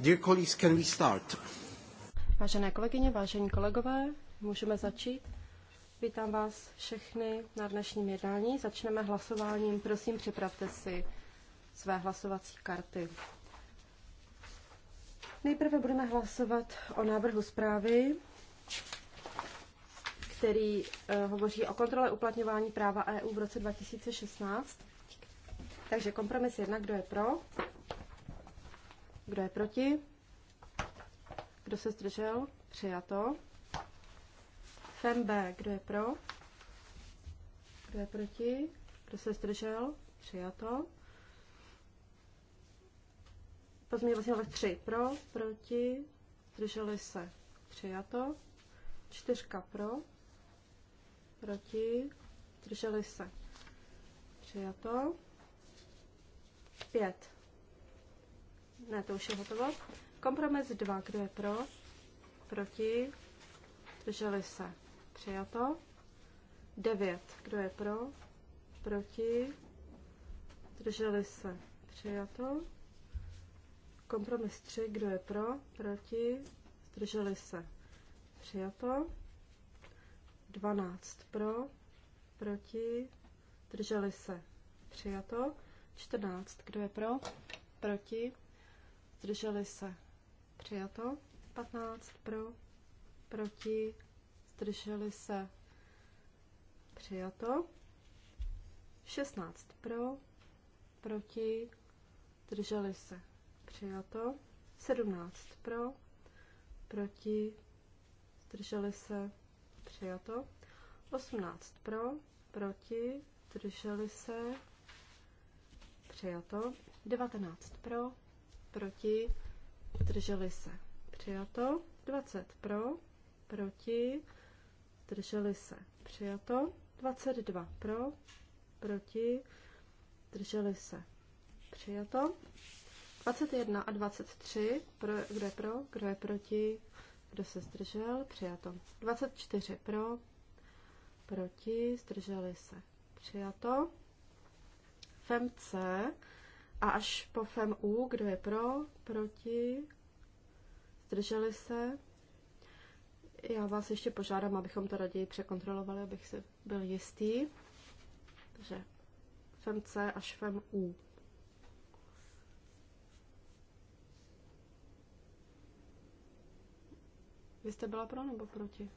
Dear colleagues, can we start? Vážené kolegyně, vážení kolegové, můžeme začít. Vítám vás všechny na dnešním jednání. Začneme hlasováním. Prosím, připravte si své hlasovací karty. Nejprve budeme hlasovat o návrhu zprávy, který eh, hovoří o kontrole uplatňování práva EU v roce 2016. Takže kompromis jednak, kdo je pro? Kdo je proti? Kdo se zdržel? Přijato. Fembe, Kdo je pro? Kdo je proti? Kdo se zdržel? Přijato. Pozměňovací návrh 3. Pro, proti, zdrželi se. Přijato. Čtyřka pro, proti, zdrželi se. Přijato. Pět ne, to už je hotovo. Kompromis 2. Kdo je pro? Proti? Drželi se. Přijato. 9. Kdo je pro? Proti? Drželi se. Přijato. Kompromis 3. Kdo je pro? Proti? Zdrželi se. Přijato. 12 pro, proti, drželi se. Přijato. 14. Kdo je pro? Proti, zdrželi se. Přijato. 15 pro, proti, zdrželi se. Přijato. 16 pro, proti, zdrželi se. Přijato. 17 pro, proti, zdrželi se. Přijato. 18 pro, proti, zdrželi se. Přijato. 19 pro, proti, zdrželi se. Přijato. 20 pro, proti, zdrželi se. Přijato. 22 pro, proti, zdrželi se. Přijato. 21 a 23, pro, kdo je pro, kdo je proti, kdo se zdržel, přijato. 24 pro, proti, zdrželi se, přijato. Femce, a až po FEM U, kdo je pro, proti, zdrželi se. Já vás ještě požádám, abychom to raději překontrolovali, abych se byl jistý. Takže FEM C až FEM U. Vy jste byla pro nebo proti?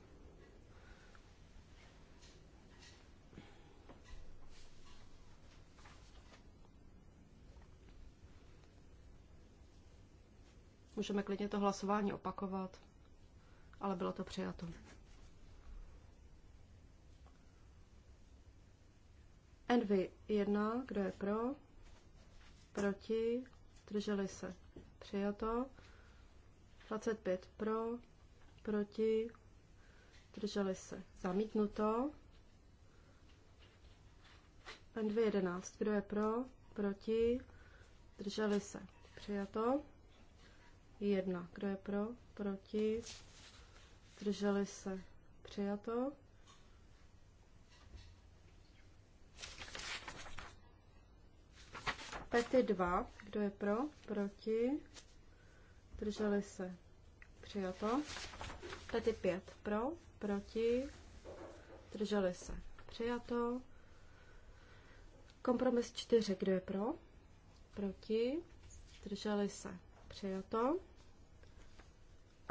Můžeme klidně to hlasování opakovat, ale bylo to přijato. Envy 1, kdo je pro? Proti? Drželi se. Přijato. 25 pro, proti, drželi se. Zamítnuto. Envy jedenáct, kdo je pro, proti, drželi se. Přijato. 1. Kdo je pro? Proti? Zdrželi se? Přijato. Pety 2. Kdo je pro? Proti? Zdrželi se? Přijato. Pety 5. Pro? Proti? Zdrželi se? Přijato. Kompromis 4. Kdo je pro? Proti? Zdrželi se? Přijato.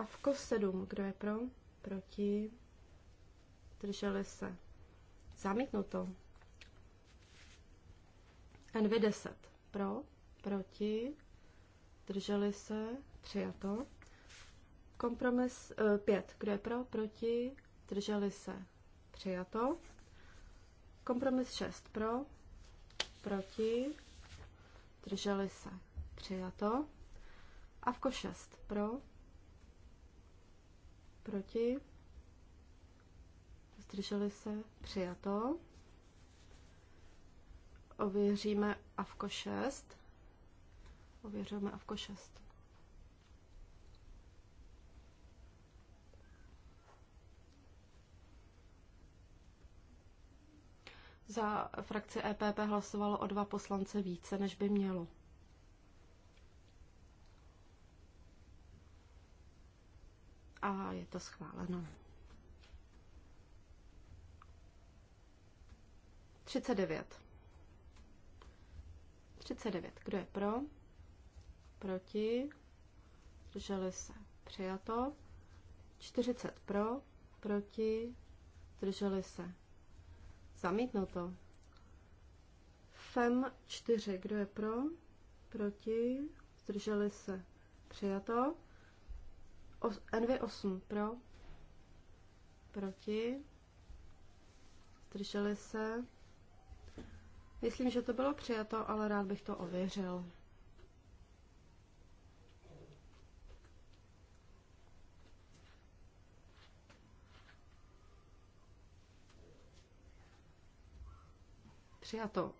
A v kost 7, kdo je pro? Proti. Drželi se. Zamítnuto. NV10 pro, proti, drželi se, přijato. Kompromis 5, eh, kdo je pro, proti, drželi se, přijato. Kompromis 6 pro, proti, drželi se, přijato. A Avko 6 pro, proti, zdrželi se, přijato. Ověříme AVKO 6. Ověříme AVKO 6. Za frakci EPP hlasovalo o dva poslance více, než by mělo. a je to schváleno. 39. 39. Kdo je pro? Proti? Zdrželi se. Přijato. 40 pro, proti, zdrželi se. Zamítnuto. FEM 4. Kdo je pro? Proti, zdrželi se. Přijato. NV8 pro, proti, zdrželi se. Myslím, že to bylo přijato, ale rád bych to ověřil. Přijato.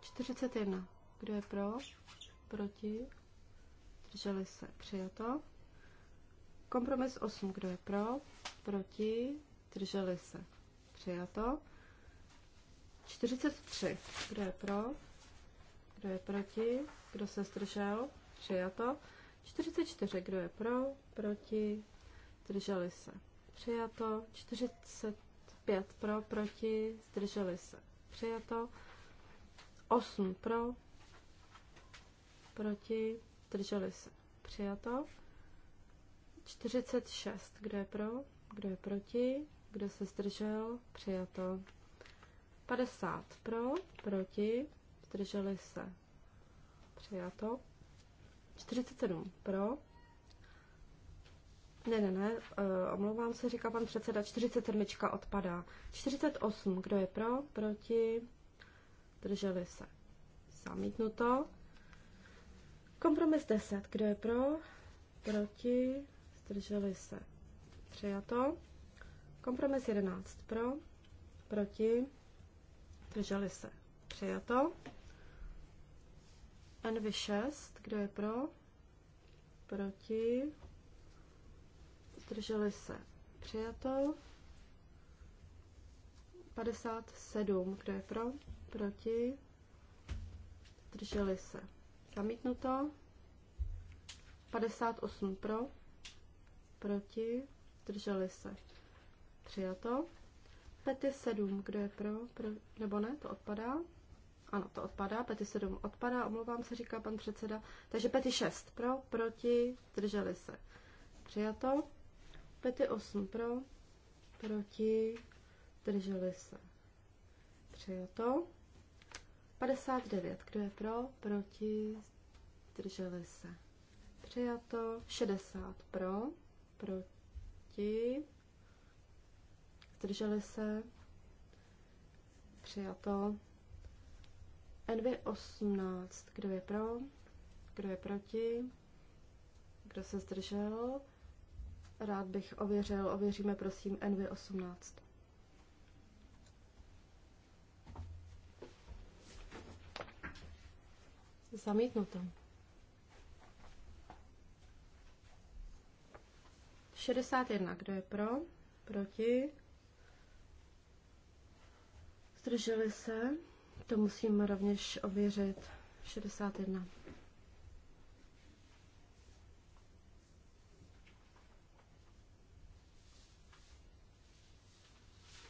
41. Kdo je pro? Proti? zdrželi se, přijato. Kompromis 8, kdo je pro, proti, zdrželi se, přijato. 43, kdo je pro, kdo je proti, kdo se zdržel, přijato. 44, kdo je pro, proti, zdrželi se, přijato. 45 pro, proti, zdrželi se, přijato. 8 pro, proti, zdrželi se přijato. 46, kdo je pro, kdo je proti, kdo se zdržel, přijato. 50 pro, proti, zdrželi se, přijato. 47 pro, ne, ne, ne, eh, omlouvám se, říká pan předseda, 47 odpadá. 48, kdo je pro, proti, zdrželi se, zamítnuto. Kompromis 10. Kdo je pro? Proti? Zdrželi se. Přijato. Kompromis 11. Pro? Proti? Zdrželi se. Přijato. NV6. Kdo je pro? Proti? Zdrželi se. Přijato. 57. Kdo je pro? Proti? Zdrželi se Zamítnuto. 58 pro, proti, drželi se. Přijato. Pety 7, kdo je pro, pro, nebo ne, to odpadá. Ano, to odpadá, pety 7 odpadá, omlouvám se, říká pan předseda. Takže pety 6 pro, proti, drželi se. Přijato. Pety 8 pro, proti, drželi se. Přijato. 59. Kdo je pro? Proti? Zdrželi se. Přijato. 60. Pro? Proti? Zdrželi se. Přijato. N218. Kdo je pro? Kdo je proti? Kdo se zdržel? Rád bych ověřil. Ověříme prosím NV18. Zamítnuto. 61. Kdo je pro? Proti? Zdrželi se? To musím rovněž ověřit. 61.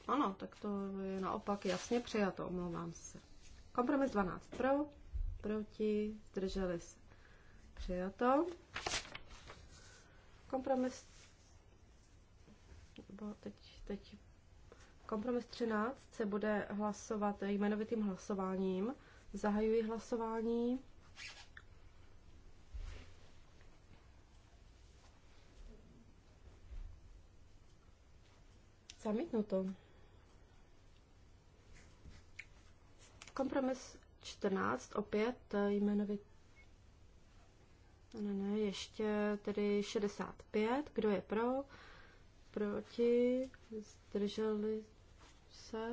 Ano, tak to je naopak jasně přijato, omlouvám se. Kompromis 12 pro, proti, zdrželi se. Přijato. Kompromis nebo teď, teď kompromis 13 se bude hlasovat jmenovitým hlasováním. Zahajuji hlasování. Zamítnuto. Kompromis 14, opět eh, jmenovit. Ne, ne, ještě tedy 65. Kdo je pro? Proti? Zdrželi se?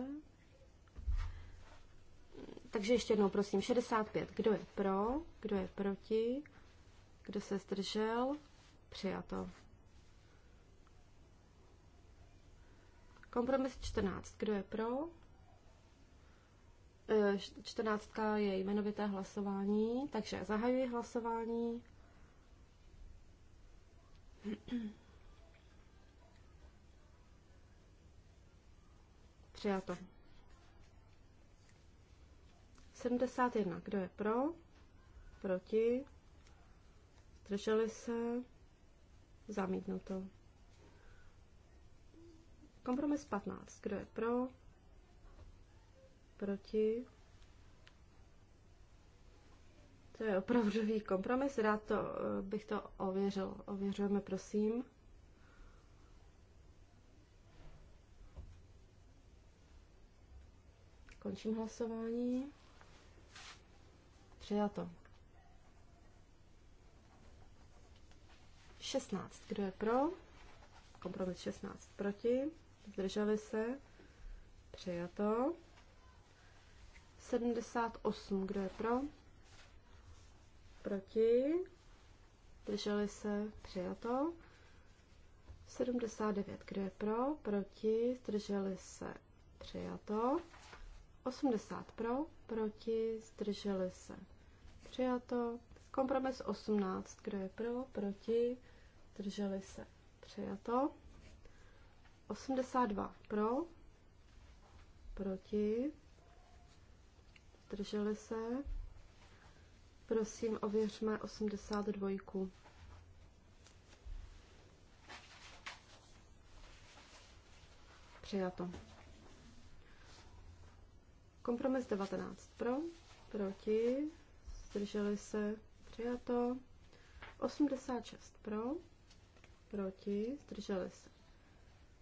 Takže ještě jednou, prosím, 65. Kdo je pro? Kdo je proti? Kdo se zdržel? Přijato. Kompromis 14. Kdo je pro? čtrnáctka je jmenovité hlasování, takže zahajuji hlasování. Přijato. 71. Kdo je pro? Proti? Zdrželi se? Zamítnuto. Kompromis 15. Kdo je pro? proti. To je opravdový kompromis, rád to, eh, bych to ověřil. Ověřujeme, prosím. Končím hlasování. Přijato. 16. Kdo je pro? Kompromis 16 proti. Zdrželi se. Přijato. 78, kdo je pro? Proti? Drželi se? Přijato. 79, kdo je pro? Proti? Zdrželi se? Přijato. 80 pro, proti, zdrželi se. Přijato. Kompromis 18, kdo je pro, proti, zdrželi se. Přijato. 82 pro, proti, zdrželi se. Prosím, ověřme 82. Přijato. Kompromis 19 pro, proti, zdrželi se, přijato. 86 pro, proti, zdrželi se,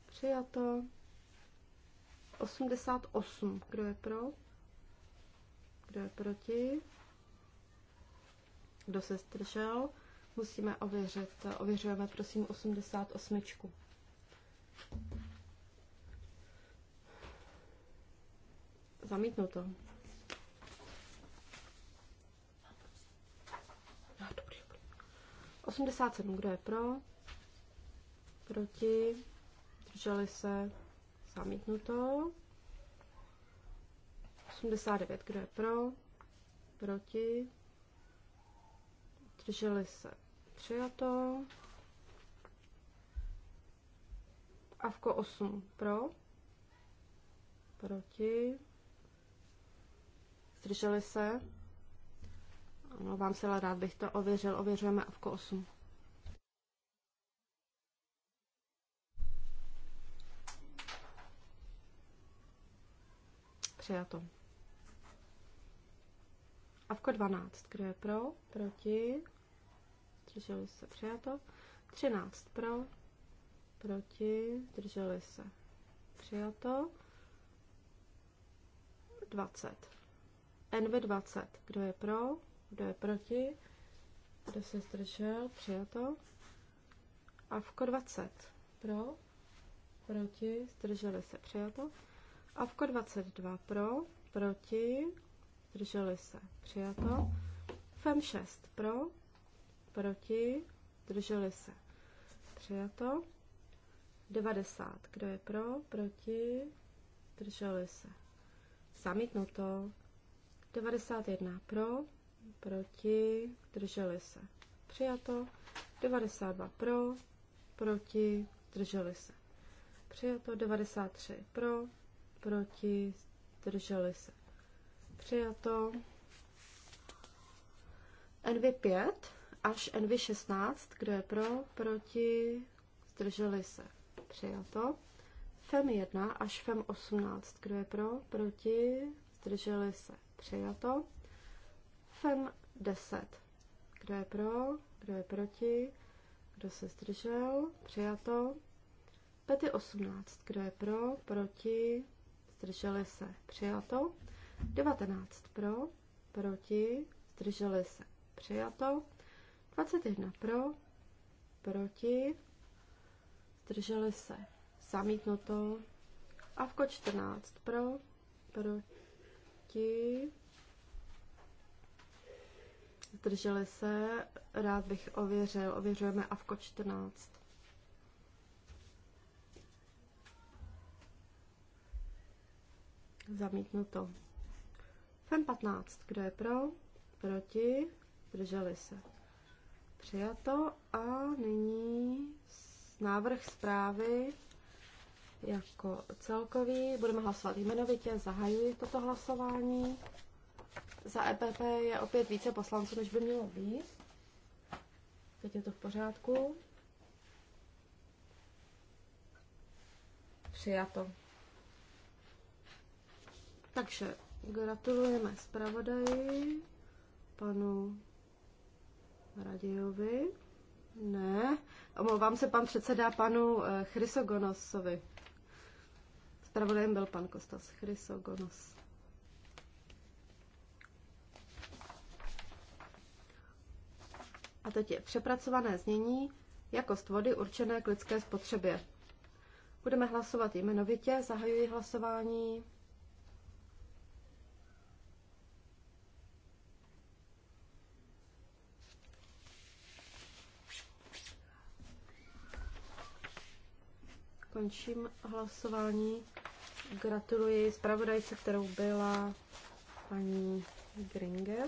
přijato. 88, kdo je pro, kdo je proti? Kdo se zdržel? Musíme ověřit. Ověřujeme prosím 88. Zamítnuto. to. dobrý, dobrý. 87. Kdo je pro? Proti? Drželi se? Zamítnuto. 89, kdo je pro? Proti? Drželi se. Přijato. Avko 8 pro. Proti. Zdrželi se. vám se, ale rád bych to ověřil. Ověřujeme Avko 8. Přijato. A Avko 12, kdo je pro, proti, Drželi se, přijato. 13 pro, proti, Drželi se, přijato. 20. NV20, kdo je pro, kdo je proti, kdo se zdržel, přijato. A Avko 20, pro, proti, zdrželi se, přijato. A Avko 22, pro, proti, zdrželi se, přijato. FEM 6 pro, proti, zdrželi se, přijato. 90, kdo je pro, proti, zdrželi se, zamítnuto. 91 pro, proti, drželi se, přijato. 92 pro, proti, drželi se. Přijato 93 pro, proti, drželi se. Přijato. NV5 až NV16, kdo je pro, proti, zdrželi se. Přijato. FEM 1 až FEM 18, kdo je pro, proti, zdrželi se. Přijato. FEM 10, kdo je pro, kdo je proti, kdo se zdržel, přijato. Pety 18, kdo je pro, proti, zdrželi se, přijato. 19 pro, proti, zdrželi se, přijato. 21 pro, proti, zdrželi se, zamítnuto. A vko 14 pro, proti, zdrželi se, rád bych ověřil, ověřujeme a AVKO 14. Zamítnuto. FEM 15. Kdo je pro? Proti? Drželi se. Přijato. A nyní návrh zprávy jako celkový. Budeme hlasovat jmenovitě. Zahajuji toto hlasování. Za EPP je opět více poslanců, než by mělo být. Teď je to v pořádku. Přijato. Takže Gratulujeme zpravodaji, panu Radějovi. Ne, omlouvám se, pan předseda panu eh, Chrysogonosovi. Zpravodajem byl pan Kostas Chrysogonos. A teď je přepracované znění jakost vody určené k lidské spotřebě. Budeme hlasovat jmenovitě, zahajuji hlasování. Končím hlasování. Gratuluji zpravodajce, kterou byla paní Gringer.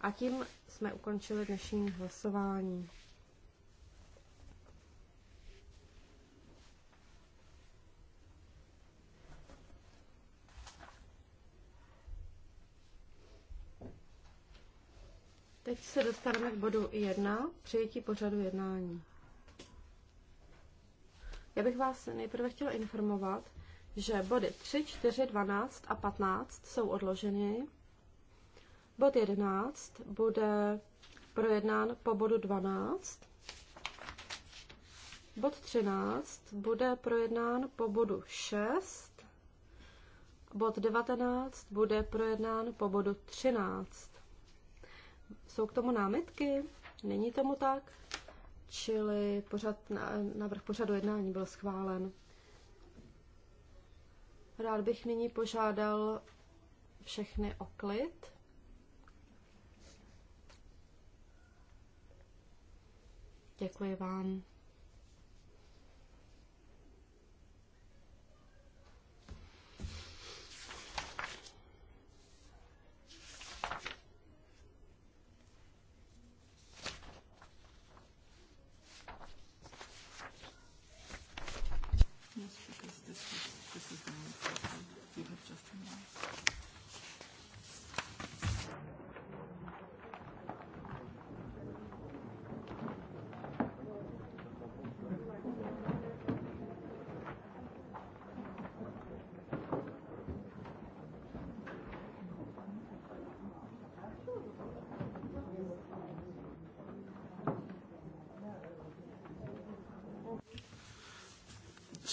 A tím jsme ukončili dnešní hlasování. Teď se dostaneme k bodu 1, přijetí pořadu jednání. Já bych vás nejprve chtěla informovat, že body 3, 4, 12 a 15 jsou odloženy. Bod 11 bude projednán po bodu 12. Bod 13 bude projednán po bodu 6. Bod 19 bude projednán po bodu 13. Jsou k tomu námitky? Není tomu tak? čili pořad, návrh pořadu jednání byl schválen. Rád bych nyní požádal všechny o klid. Děkuji vám.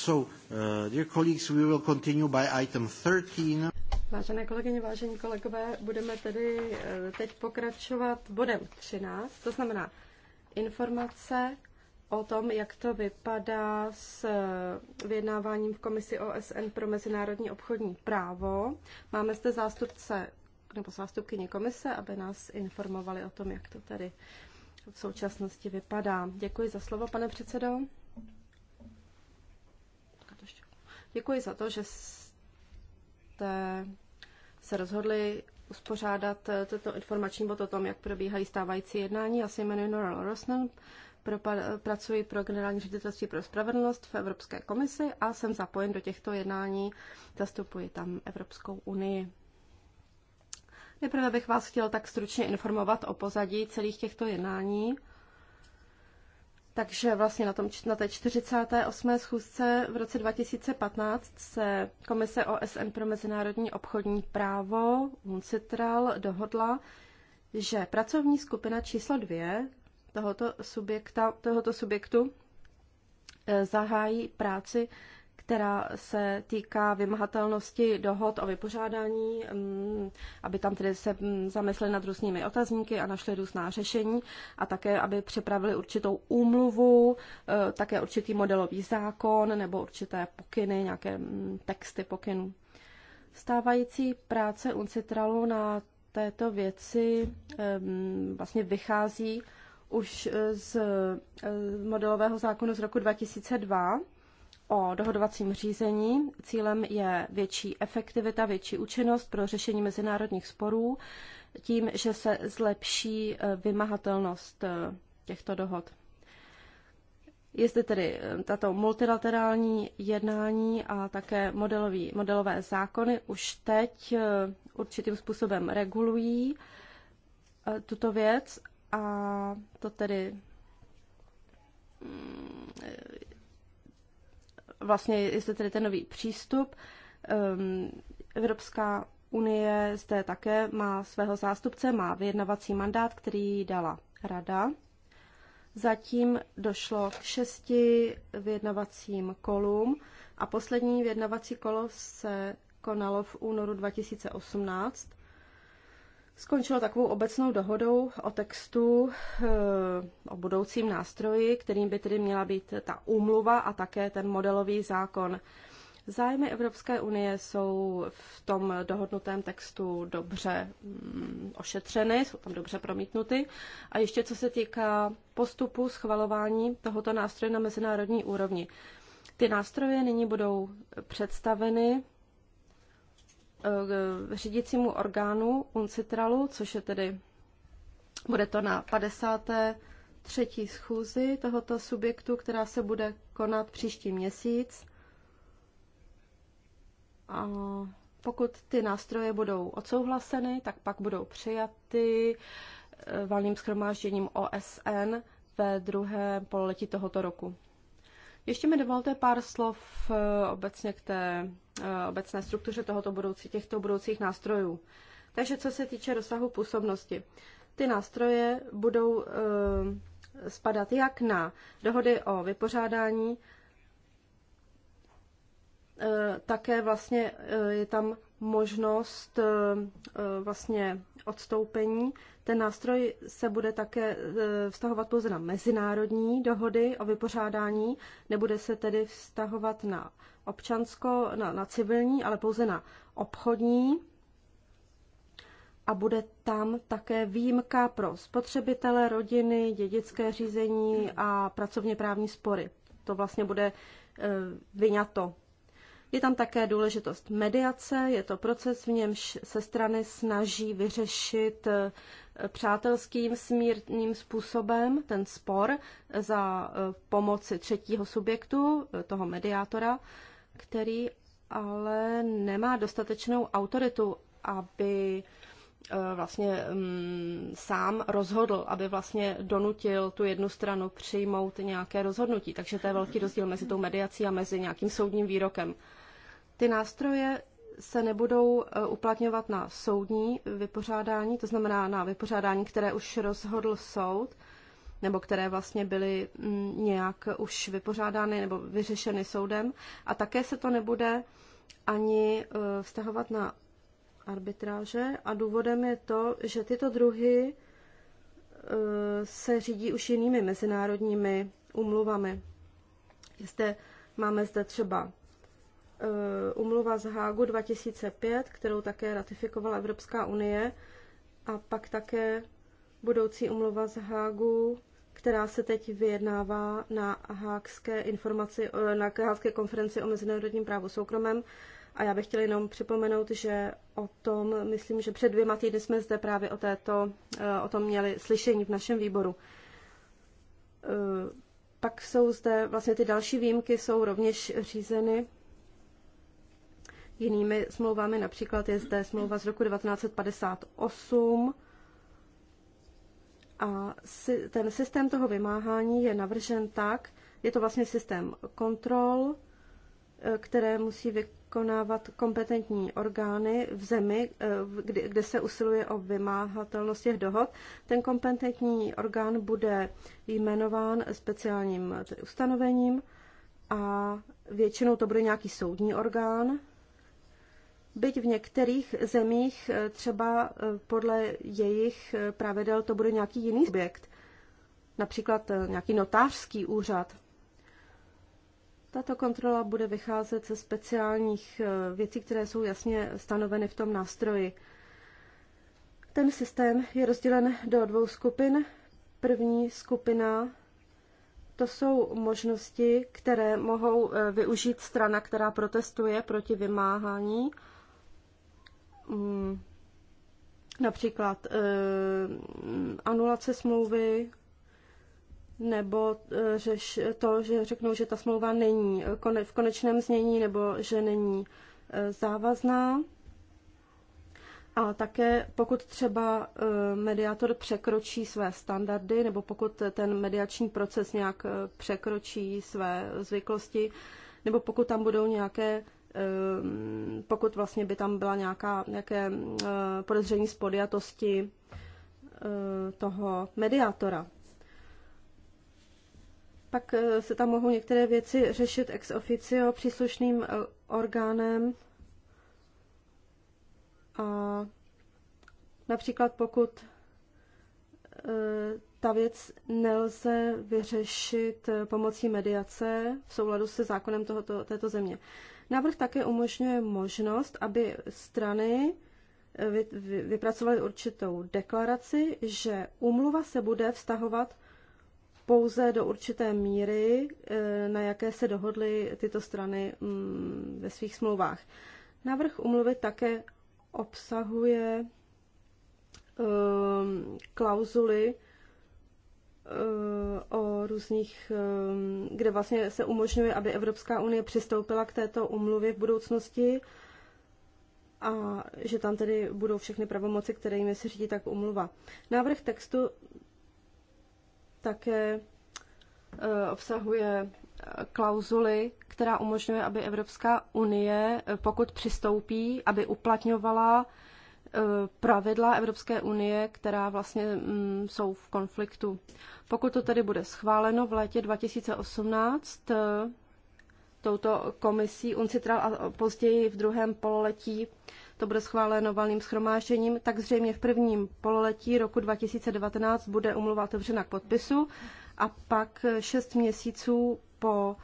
Uh, dear colleagues, we will continue by item 13. Vážené kolegyně, vážení kolegové, budeme tedy eh, teď pokračovat bodem 13, to znamená informace o tom, jak to vypadá s eh, vyjednáváním v komisi OSN pro mezinárodní obchodní právo. Máme zde zástupce nebo zástupkyně komise, aby nás informovali o tom, jak to tady v současnosti vypadá. Děkuji za slovo, pane předsedo. Děkuji za to, že jste se rozhodli uspořádat toto informační bod o tom, jak probíhají stávající jednání. Já se jmenuji Nora Rosnan, pro, pracuji pro Generální ředitelství pro spravedlnost v Evropské komisi a jsem zapojen do těchto jednání, zastupuji tam Evropskou unii. Nejprve bych vás chtěl tak stručně informovat o pozadí celých těchto jednání. Takže vlastně na, tom, na té 48. schůzce v roce 2015 se Komise OSN pro mezinárodní obchodní právo UNCITRAL dohodla, že pracovní skupina číslo dvě tohoto, subjekta, tohoto subjektu eh, zahájí práci která se týká vymahatelnosti dohod o vypořádání, mm, aby tam tedy se mm, zamysleli nad různými otazníky a našli různá řešení a také, aby připravili určitou úmluvu, eh, také určitý modelový zákon nebo určité pokyny, nějaké mm, texty pokynů. Stávající práce UNCITRALu na této věci ehm, vlastně vychází už eh, z eh, modelového zákonu z roku 2002, o dohodovacím řízení. Cílem je větší efektivita, větší účinnost pro řešení mezinárodních sporů tím, že se zlepší e, vymahatelnost e, těchto dohod. Je zde tedy e, tato multilaterální jednání a také modelový, modelové zákony už teď určitým způsobem regulují tuto věc a to tedy mm, vlastně je zde tedy ten nový přístup. Ehm, Evropská unie zde také má svého zástupce, má vyjednavací mandát, který dala rada. Zatím došlo k šesti vyjednavacím kolům a poslední vyjednavací kolo se konalo v únoru 2018 skončilo takovou obecnou dohodou o textu, eh, o budoucím nástroji, kterým by tedy měla být ta úmluva a také ten modelový zákon. Zájmy Evropské unie jsou v tom dohodnutém textu dobře mm, ošetřeny, jsou tam dobře promítnuty. A ještě co se týká postupu schvalování tohoto nástroje na mezinárodní úrovni. Ty nástroje nyní budou představeny Eh, řídícímu orgánu UNCITRALu, což je tedy, bude to na 53. schůzi tohoto subjektu, která se bude konat příští měsíc. A pokud ty nástroje budou odsouhlaseny, tak pak budou přijaty eh, valným schromážděním OSN ve druhém pololetí tohoto roku. Ještě mi dovolte pár slov eh, obecně k té eh, obecné struktuře tohoto budoucí, těchto budoucích nástrojů. Takže co se týče rozsahu působnosti, ty nástroje budou eh, spadat jak na dohody o vypořádání, také vlastně je tam možnost eh, eh, vlastně odstoupení. Ten nástroj se bude také eh, vztahovat pouze na mezinárodní dohody o vypořádání, nebude se tedy vztahovat na občansko, na, na civilní, ale pouze na obchodní. A bude tam také výjimka pro spotřebitele, rodiny, dědické řízení a pracovně právní spory. To vlastně bude vyňato je tam také důležitost mediace, je to proces, v němž se strany snaží vyřešit eh, přátelským smírným způsobem ten spor za eh, pomoci třetího subjektu, eh, toho mediátora, který ale nemá dostatečnou autoritu, aby vlastně mm, sám rozhodl, aby vlastně donutil tu jednu stranu přijmout nějaké rozhodnutí. Takže to je velký rozdíl mezi tou mediací a mezi nějakým soudním výrokem. Ty nástroje se nebudou e, uplatňovat na soudní vypořádání, to znamená na vypořádání, které už rozhodl soud, nebo které vlastně byly mm, nějak už vypořádány nebo vyřešeny soudem. A také se to nebude ani e, vztahovat na arbitráže. A důvodem je to, že tyto druhy e, se řídí už jinými mezinárodními umluvami. Jste, máme zde třeba Eh, umluva z Hágu 2005, kterou také ratifikovala Evropská unie, a pak také budoucí umluva z Hágu, která se teď vyjednává na hákské informaci, eh, na hákské konferenci o mezinárodním právu soukromém. A já bych chtěla jenom připomenout, že o tom, myslím, že před dvěma týdny jsme zde právě o, této, eh, o tom měli slyšení v našem výboru. Pak jsou zde vlastně ty další výjimky, jsou rovněž řízeny jinými smlouvami. Například je zde smlouva z roku 1958 a ten systém toho vymáhání je navržen tak, je to vlastně systém kontrol, eh, které musí vykonávat kompetentní orgány v zemi, eh, kde, se usiluje o vymáhatelnost těch dohod. Ten kompetentní orgán bude jmenován speciálním ustanovením a většinou to bude nějaký soudní orgán, Byť v některých zemích eh, třeba eh, podle jejich eh, pravidel to bude nějaký jiný subjekt, například nějaký notářský úřad. Tato kontrola bude vycházet ze speciálních věcí, které jsou jasně stanoveny v tom nástroji. Ten systém je rozdělen do dvou skupin. První skupina to jsou možnosti, které mohou využít strana, která protestuje proti vymáhání Mm, například eh, anulace smlouvy nebo eh, že to, že řeknou, že ta smlouva není eh, v konečném znění nebo že není závazná. A také pokud třeba mediátor překročí své standardy, nebo pokud ten mediační proces nějak překročí své zvyklosti, nebo pokud tam budou nějaké Ehm, pokud vlastně by tam byla nějaká, nějaké eh, podezření z podjatosti eh, toho mediátora. Pak eh, se tam mohou některé věci řešit ex officio příslušným orgánem. A například pokud ta věc nelze vyřešit pomocí mediace v souladu se zákonem tohoto, této země. Návrh také umožňuje možnost, aby strany eh, vypracovali určitou deklaraci, že umluva se bude vztahovat pouze do určité míry, eh, na jaké se dohodly tyto strany mm, ve svých smlouvách. Návrh umluvy také obsahuje ehm, klauzuly Eh, o různých, eh, kde vlastně se umožňuje, aby Evropská unie přistoupila k této umluvě v budoucnosti a že tam tedy budou všechny pravomoci, které jim se řídí tak umluva. Návrh textu také eh, obsahuje klauzuly, která umožňuje, aby Evropská unie, pokud přistoupí, aby uplatňovala Eh, pravidla Evropské unie, která vlastně mm, jsou v konfliktu. Pokud to tedy bude schváleno v létě 2018 eh, touto komisí UNCITRAL a později v druhém pololetí to bude schváleno valným schromážením, tak zřejmě v prvním pololetí roku 2019 bude umluva otevřena k podpisu a pak eh, šest měsíců po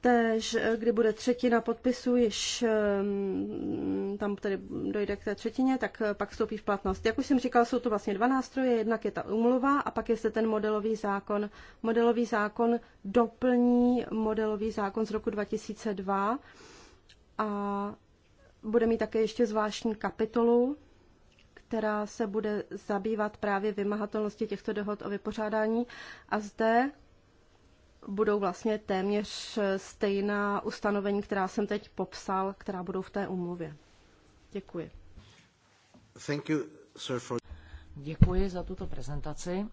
Též, eh, kdy bude třetina podpisů, již ehm, tam tedy dojde k té třetině, tak eh, pak vstoupí v platnost. Jak už jsem říkal, jsou to vlastně dva nástroje. Jednak je ta umluva a pak je se ten modelový zákon. Modelový zákon doplní modelový zákon z roku 2002 a bude mít také ještě zvláštní kapitolu, která se bude zabývat právě vymahatelností těchto dohod o vypořádání. A zde budou vlastně téměř stejná ustanovení, která jsem teď popsal, která budou v té umluvě. Děkuji. Thank you, sir, for... Děkuji za tuto prezentaci.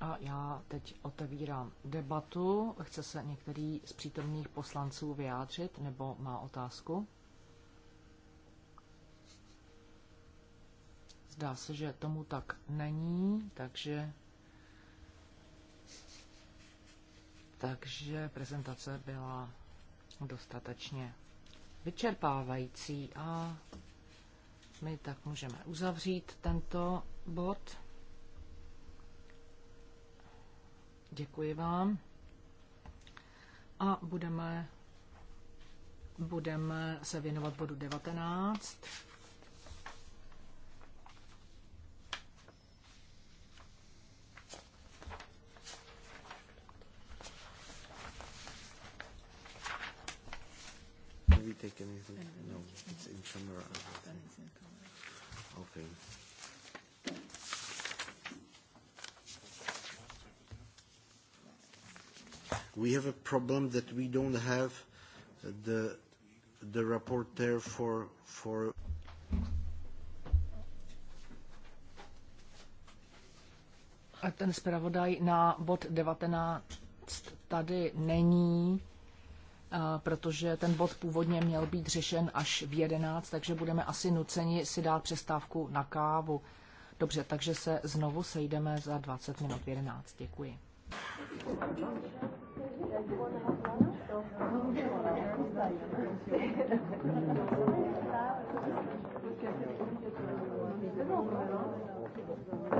A já teď otevírám debatu. Chce se některý z přítomných poslanců vyjádřit nebo má otázku? Zdá se, že tomu tak není, takže takže prezentace byla dostatečně vyčerpávající a my tak můžeme uzavřít tento bod. Děkuji vám. A budeme, budeme se věnovat bodu 19. somewhere. Okay. We have a problem that we don't have the the rapporteur for for. A ten zpravodaj na bod 19 tady není protože ten bod původně měl být řešen až v 11, takže budeme asi nuceni si dát přestávku na kávu. Dobře, takže se znovu sejdeme za 20 minut v 11. Děkuji. Thank you.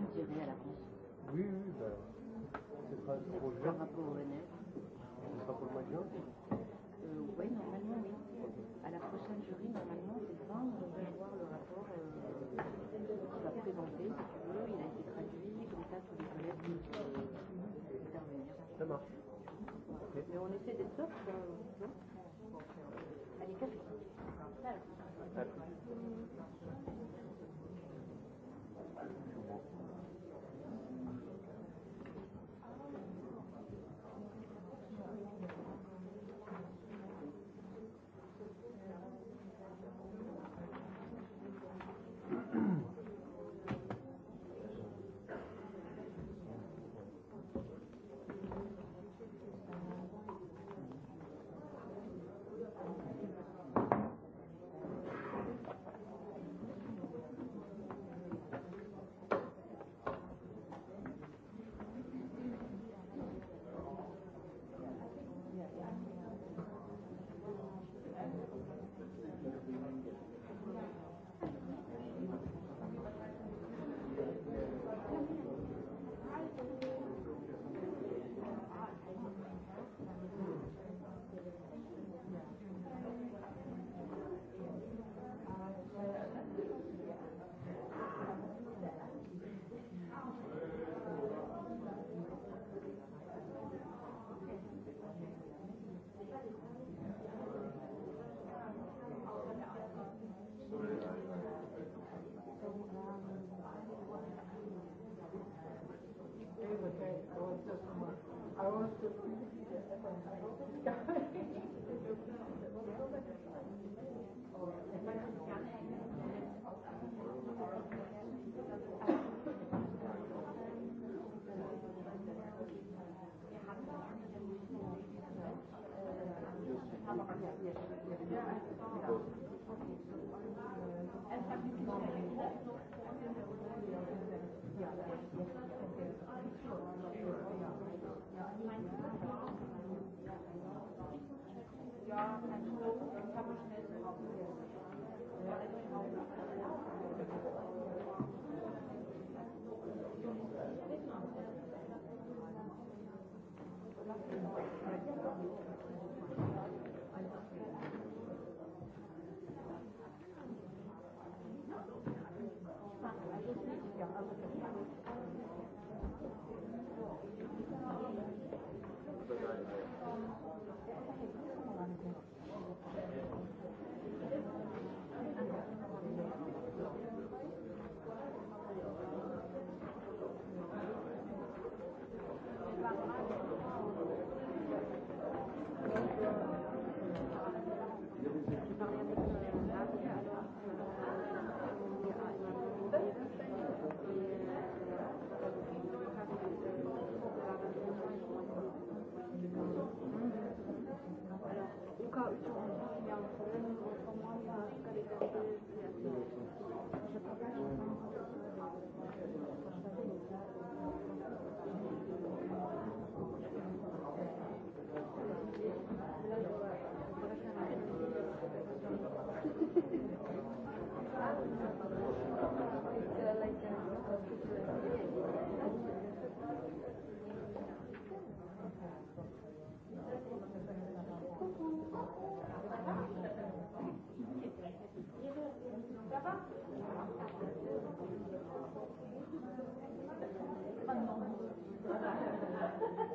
me tirer à la Oui, oui, ben, c'est pas le Par rapport au Vénère. pour le mois de juin. Thank you. Thank you.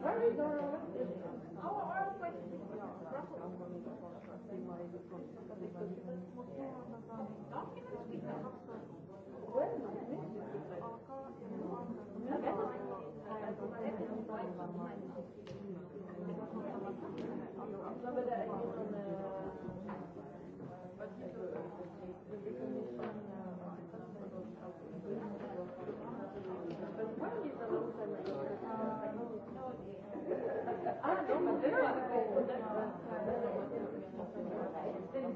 Very good. Our oil question. Well,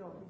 your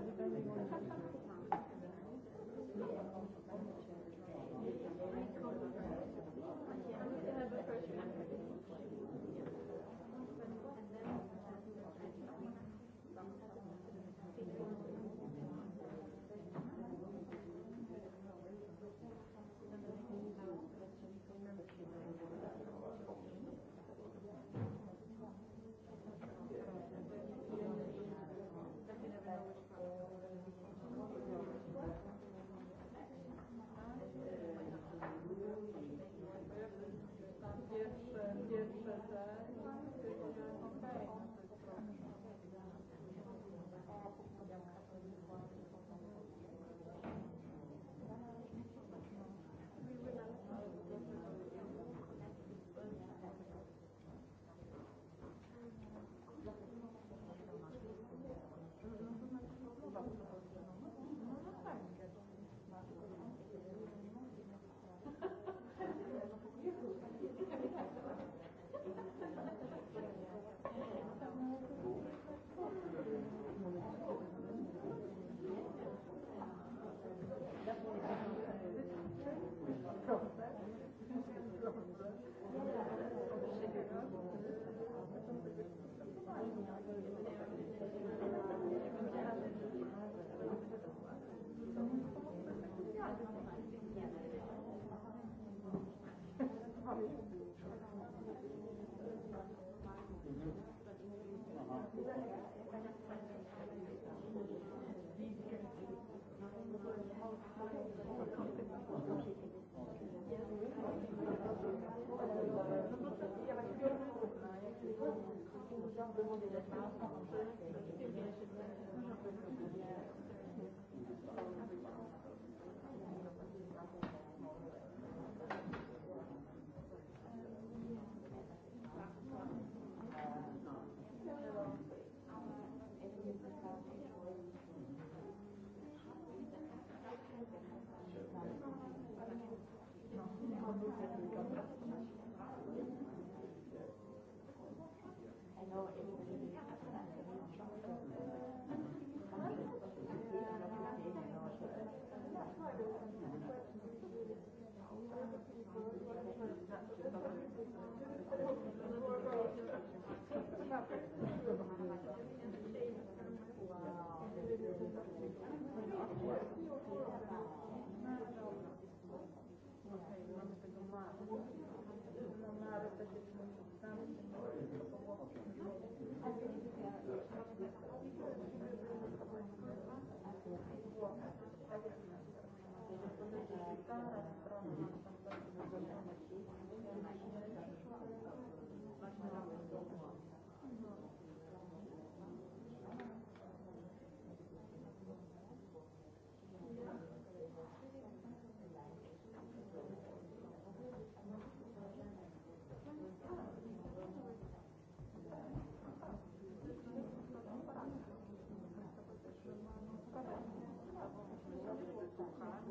depending on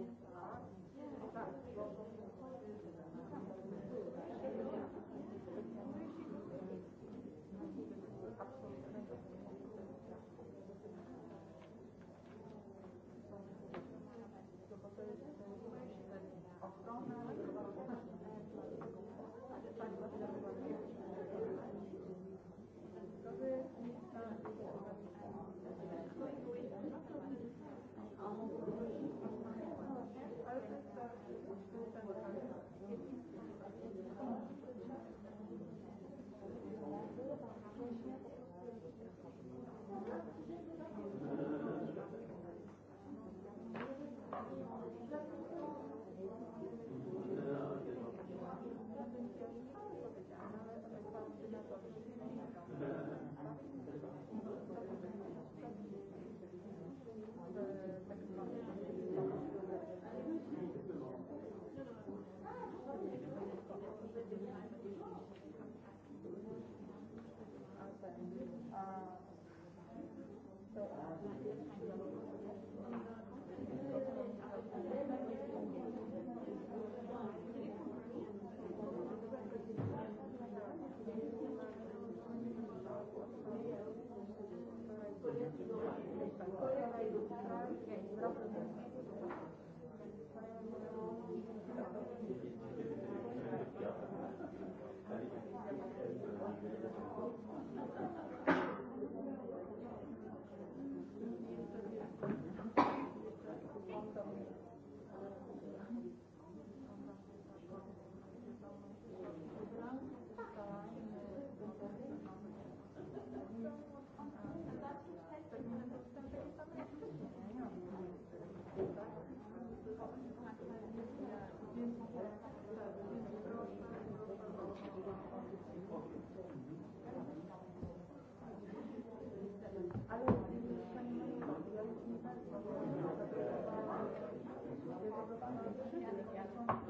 Děkuji. Thank you.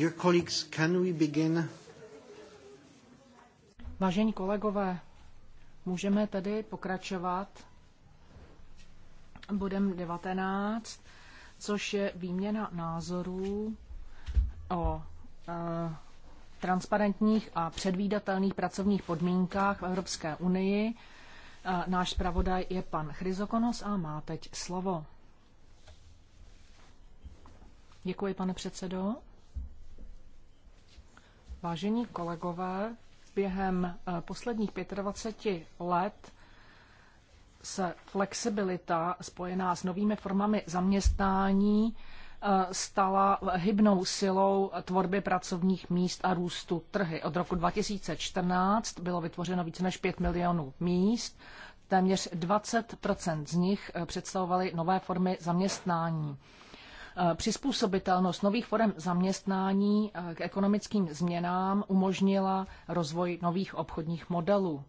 Dear colleagues, can we begin? Vážení kolegové, můžeme tedy pokračovat bodem 19, což je výměna názorů o e, transparentních a předvídatelných pracovních podmínkách v Evropské unii. E, náš zpravodaj je pan Chryzokonos a má teď slovo. Děkuji, pane předsedo. Vážení kolegové, během eh, posledních 25 let se flexibilita spojená s novými formami zaměstnání eh, stala hybnou silou tvorby pracovních míst a růstu trhy. Od roku 2014 bylo vytvořeno více než 5 milionů míst, téměř 20 z nich eh, představovaly nové formy zaměstnání. Eh, přizpůsobitelnost nových forem zaměstnání eh, k ekonomickým změnám umožnila rozvoj nových obchodních modelů.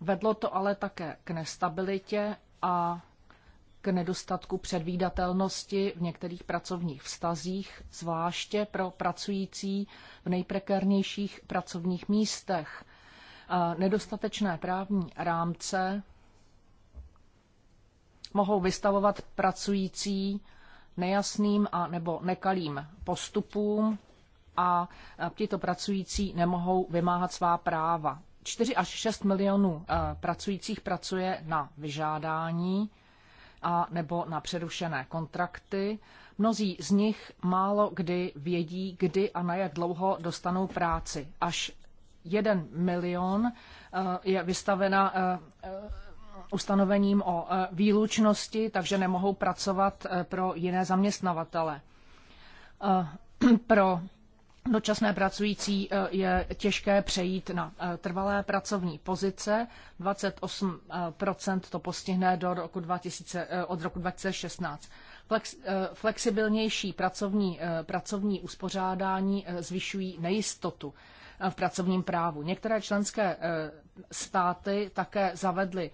Vedlo to ale také k nestabilitě a k nedostatku předvídatelnosti v některých pracovních vztazích, zvláště pro pracující v nejprekernějších pracovních místech. Eh, nedostatečné právní rámce mohou vystavovat pracující nejasným a nebo nekalým postupům a tito pracující nemohou vymáhat svá práva. 4 až 6 milionů e, pracujících pracuje na vyžádání a nebo na přerušené kontrakty. Mnozí z nich málo kdy vědí, kdy a na jak dlouho dostanou práci. Až 1 milion e, je vystavena e, ustanovením o e, výlučnosti, takže nemohou pracovat e, pro jiné zaměstnavatele. E, pro dočasné pracující je těžké přejít na trvalé pracovní pozice. 28 to postihne do roku 2000, od roku 2016. Flex, flexibilnější pracovní, pracovní uspořádání zvyšují nejistotu v pracovním právu. Některé členské státy také zavedly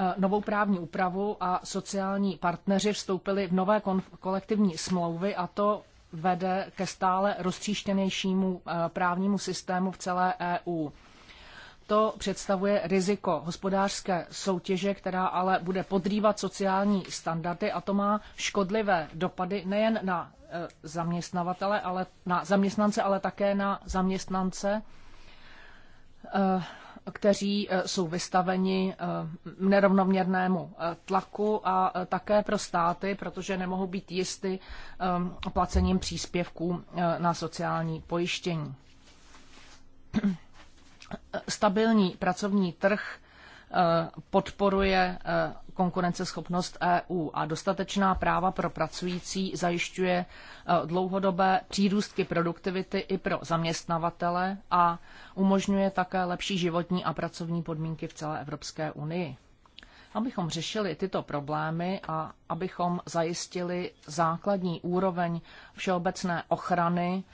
Eh, novou právní úpravu a sociální partneři vstoupili v nové kolektivní smlouvy a to vede ke stále roztříštěnějšímu eh, právnímu systému v celé EU. To představuje riziko hospodářské soutěže, která ale bude podrývat sociální standardy a to má škodlivé dopady nejen na eh, zaměstnavatele, ale na zaměstnance, ale také na zaměstnance kteří eh, jsou vystaveni eh, nerovnoměrnému eh, tlaku a také pro státy, protože nemohou být jisty placením příspěvků na sociální pojištění. Stabilní pracovní trh podporuje konkurenceschopnost EU a dostatečná práva pro pracující zajišťuje e, dlouhodobé přírůstky produktivity i pro zaměstnavatele a umožňuje také lepší životní a pracovní podmínky v celé Evropské unii. Abychom řešili tyto problémy a abychom zajistili základní úroveň všeobecné ochrany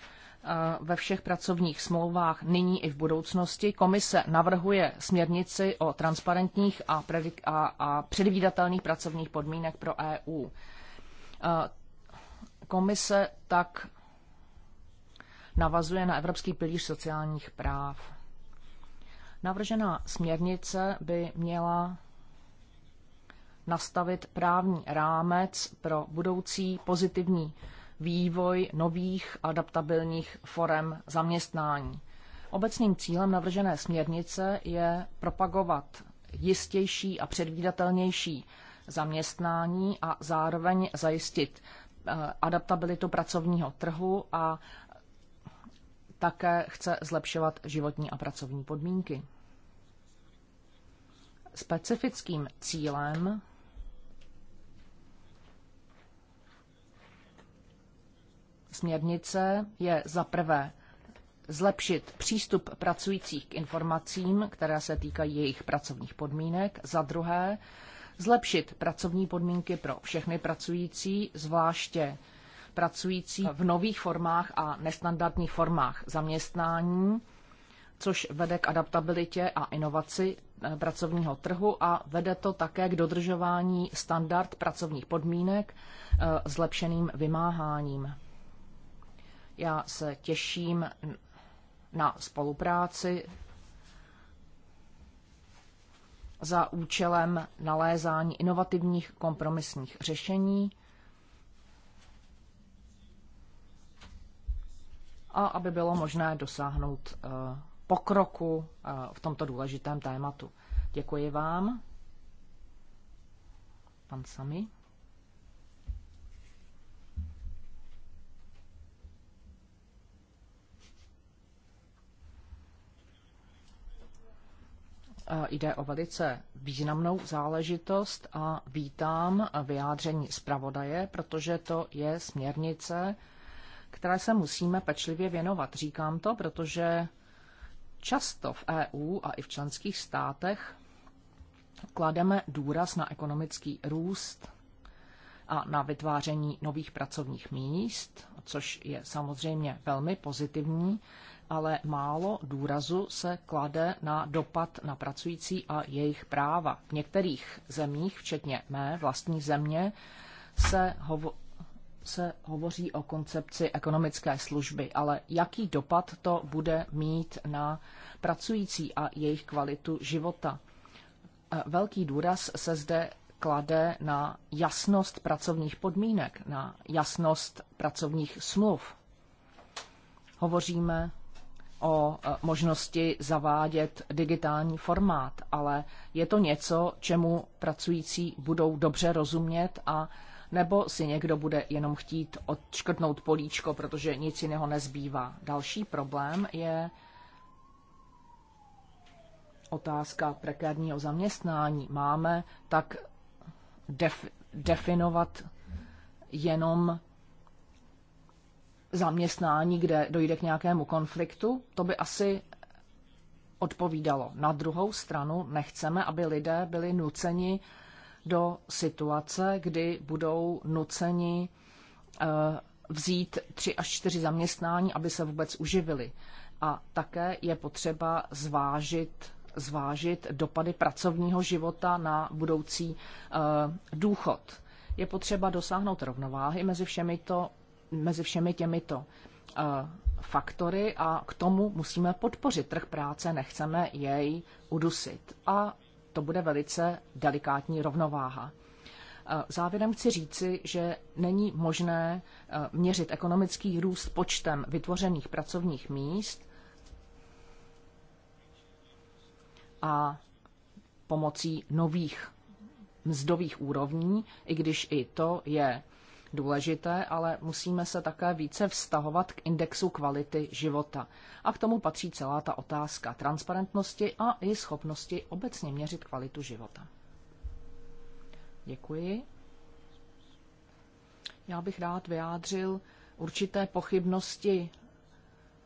Eh, ve všech pracovních smlouvách nyní i v budoucnosti. Komise navrhuje směrnici o transparentních a, predik- a, a předvídatelných pracovních podmínek pro EU. Eh, komise tak navazuje na Evropský pilíř sociálních práv. Navržená směrnice by měla nastavit právní rámec pro budoucí pozitivní vývoj nových adaptabilních forem zaměstnání. Obecným cílem navržené směrnice je propagovat jistější a předvídatelnější zaměstnání a zároveň zajistit eh, adaptabilitu pracovního trhu a také chce zlepšovat životní a pracovní podmínky. Specifickým cílem směrnice je za prvé zlepšit přístup pracujících k informacím, které se týkají jejich pracovních podmínek, za druhé zlepšit pracovní podmínky pro všechny pracující, zvláště pracující v nových formách a nestandardních formách zaměstnání, což vede k adaptabilitě a inovaci eh, pracovního trhu a vede to také k dodržování standard pracovních podmínek eh, zlepšeným vymáháním. Já se těším na spolupráci za účelem nalézání inovativních kompromisních řešení a aby bylo možné dosáhnout eh, pokroku eh, v tomto důležitém tématu. Děkuji vám. Pan Sami. jde o velice významnou záležitost a vítám vyjádření zpravodaje, protože to je směrnice, které se musíme pečlivě věnovat. Říkám to, protože často v EU a i v členských státech klademe důraz na ekonomický růst a na vytváření nových pracovních míst, což je samozřejmě velmi pozitivní, ale málo důrazu se klade na dopad na pracující a jejich práva. V některých zemích, včetně mé vlastní země, se, hovo- se hovoří o koncepci ekonomické služby, ale jaký dopad to bude mít na pracující a jejich kvalitu života? E, velký důraz se zde klade na jasnost pracovních podmínek, na jasnost pracovních smluv. Hovoříme o e, možnosti zavádět digitální formát, ale je to něco, čemu pracující budou dobře rozumět a nebo si někdo bude jenom chtít odškrtnout políčko, protože nic jiného nezbývá. Další problém je otázka prekárního zaměstnání. Máme tak def, definovat jenom zaměstnání, kde dojde k nějakému konfliktu, to by asi odpovídalo. Na druhou stranu nechceme, aby lidé byli nuceni do situace, kdy budou nuceni eh, vzít tři až čtyři zaměstnání, aby se vůbec uživili. A také je potřeba zvážit, zvážit dopady pracovního života na budoucí eh, důchod. Je potřeba dosáhnout rovnováhy mezi všemi to mezi všemi těmito eh, faktory a k tomu musíme podpořit trh práce, nechceme jej udusit. A to bude velice delikátní rovnováha. Eh, závěrem chci říci, že není možné eh, měřit ekonomický růst počtem vytvořených pracovních míst a pomocí nových mzdových úrovní, i když i to je důležité, ale musíme se také více vztahovat k indexu kvality života. A k tomu patří celá ta otázka transparentnosti a i schopnosti obecně měřit kvalitu života. Děkuji. Já bych rád vyjádřil určité pochybnosti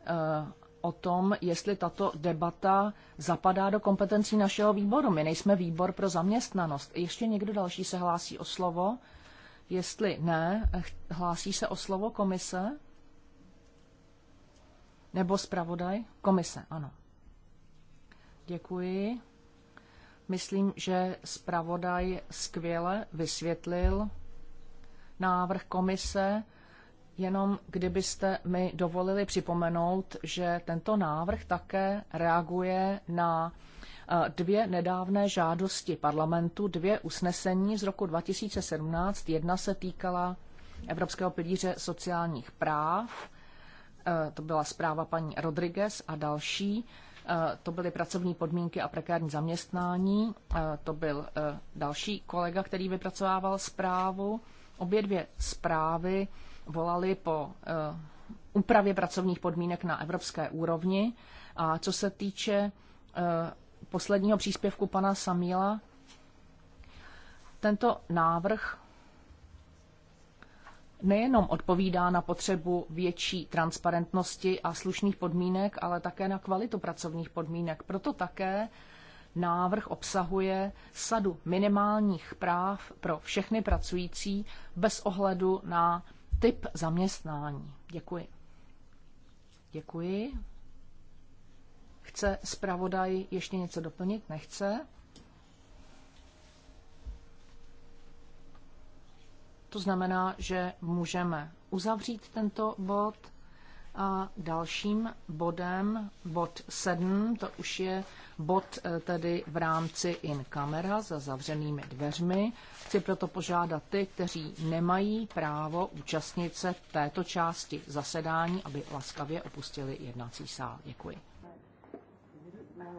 eh, o tom, jestli tato debata zapadá do kompetencí našeho výboru. My nejsme výbor pro zaměstnanost. Ještě někdo další se hlásí o slovo? Jestli ne, hlásí se o slovo komise? Nebo zpravodaj? Komise, ano. Děkuji. Myslím, že zpravodaj skvěle vysvětlil návrh komise. Jenom kdybyste mi dovolili připomenout, že tento návrh také reaguje na dvě nedávné žádosti parlamentu, dvě usnesení z roku 2017. Jedna se týkala Evropského pilíře sociálních práv, e, to byla zpráva paní Rodriguez a další. E, to byly pracovní podmínky a prekární zaměstnání. E, to byl další kolega, který vypracovával zprávu. Obě dvě zprávy volaly po úpravě pracovních podmínek na evropské úrovni. A co se týče posledního příspěvku pana Samíla. Tento návrh nejenom odpovídá na potřebu větší transparentnosti a slušných podmínek, ale také na kvalitu pracovních podmínek. Proto také návrh obsahuje sadu minimálních práv pro všechny pracující bez ohledu na typ zaměstnání. Děkuji. Děkuji. Chce zpravodaj ještě něco doplnit? Nechce? To znamená, že můžeme uzavřít tento bod. A dalším bodem, bod 7, to už je bod eh, tedy v rámci in camera za zavřenými dveřmi. Chci proto požádat ty, kteří nemají právo účastnit se této části zasedání, aby laskavě opustili jednací sál. Děkuji.